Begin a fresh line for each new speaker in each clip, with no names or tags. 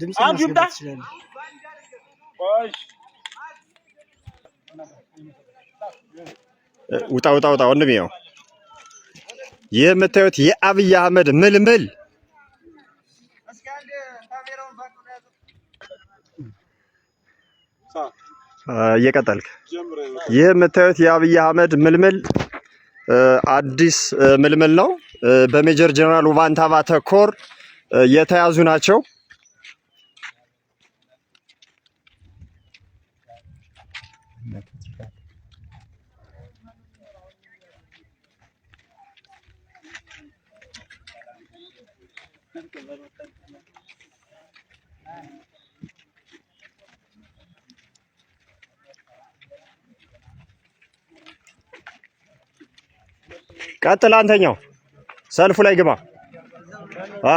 ድምፅ
ውጣ ውጣ ውጣ ወንድም ያው የምታዩት የአብይ አህመድ ምልምል እየቀጠልክ የምታዩት የአብይ አህመድ ምልምል አዲስ ምልምል ነው። በሜጀር ጀነራል ውባንታባ ተኮር የተያዙ ናቸው። ቀጥል አንተኛው ሰልፉ ላይ ግባ አ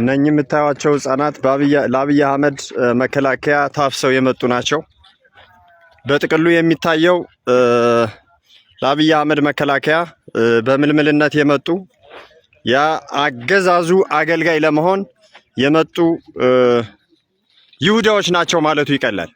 እነኚህ የምታዩቸው ህጻናት ለአብይ አህመድ መከላከያ ታፍሰው የመጡ ናቸው። በጥቅሉ የሚታየው ለአብይ አህመድ መከላከያ በምልምልነት የመጡ የአገዛዙ አገልጋይ ለመሆን የመጡ ይሁዳዎች ናቸው ማለቱ ይቀላል።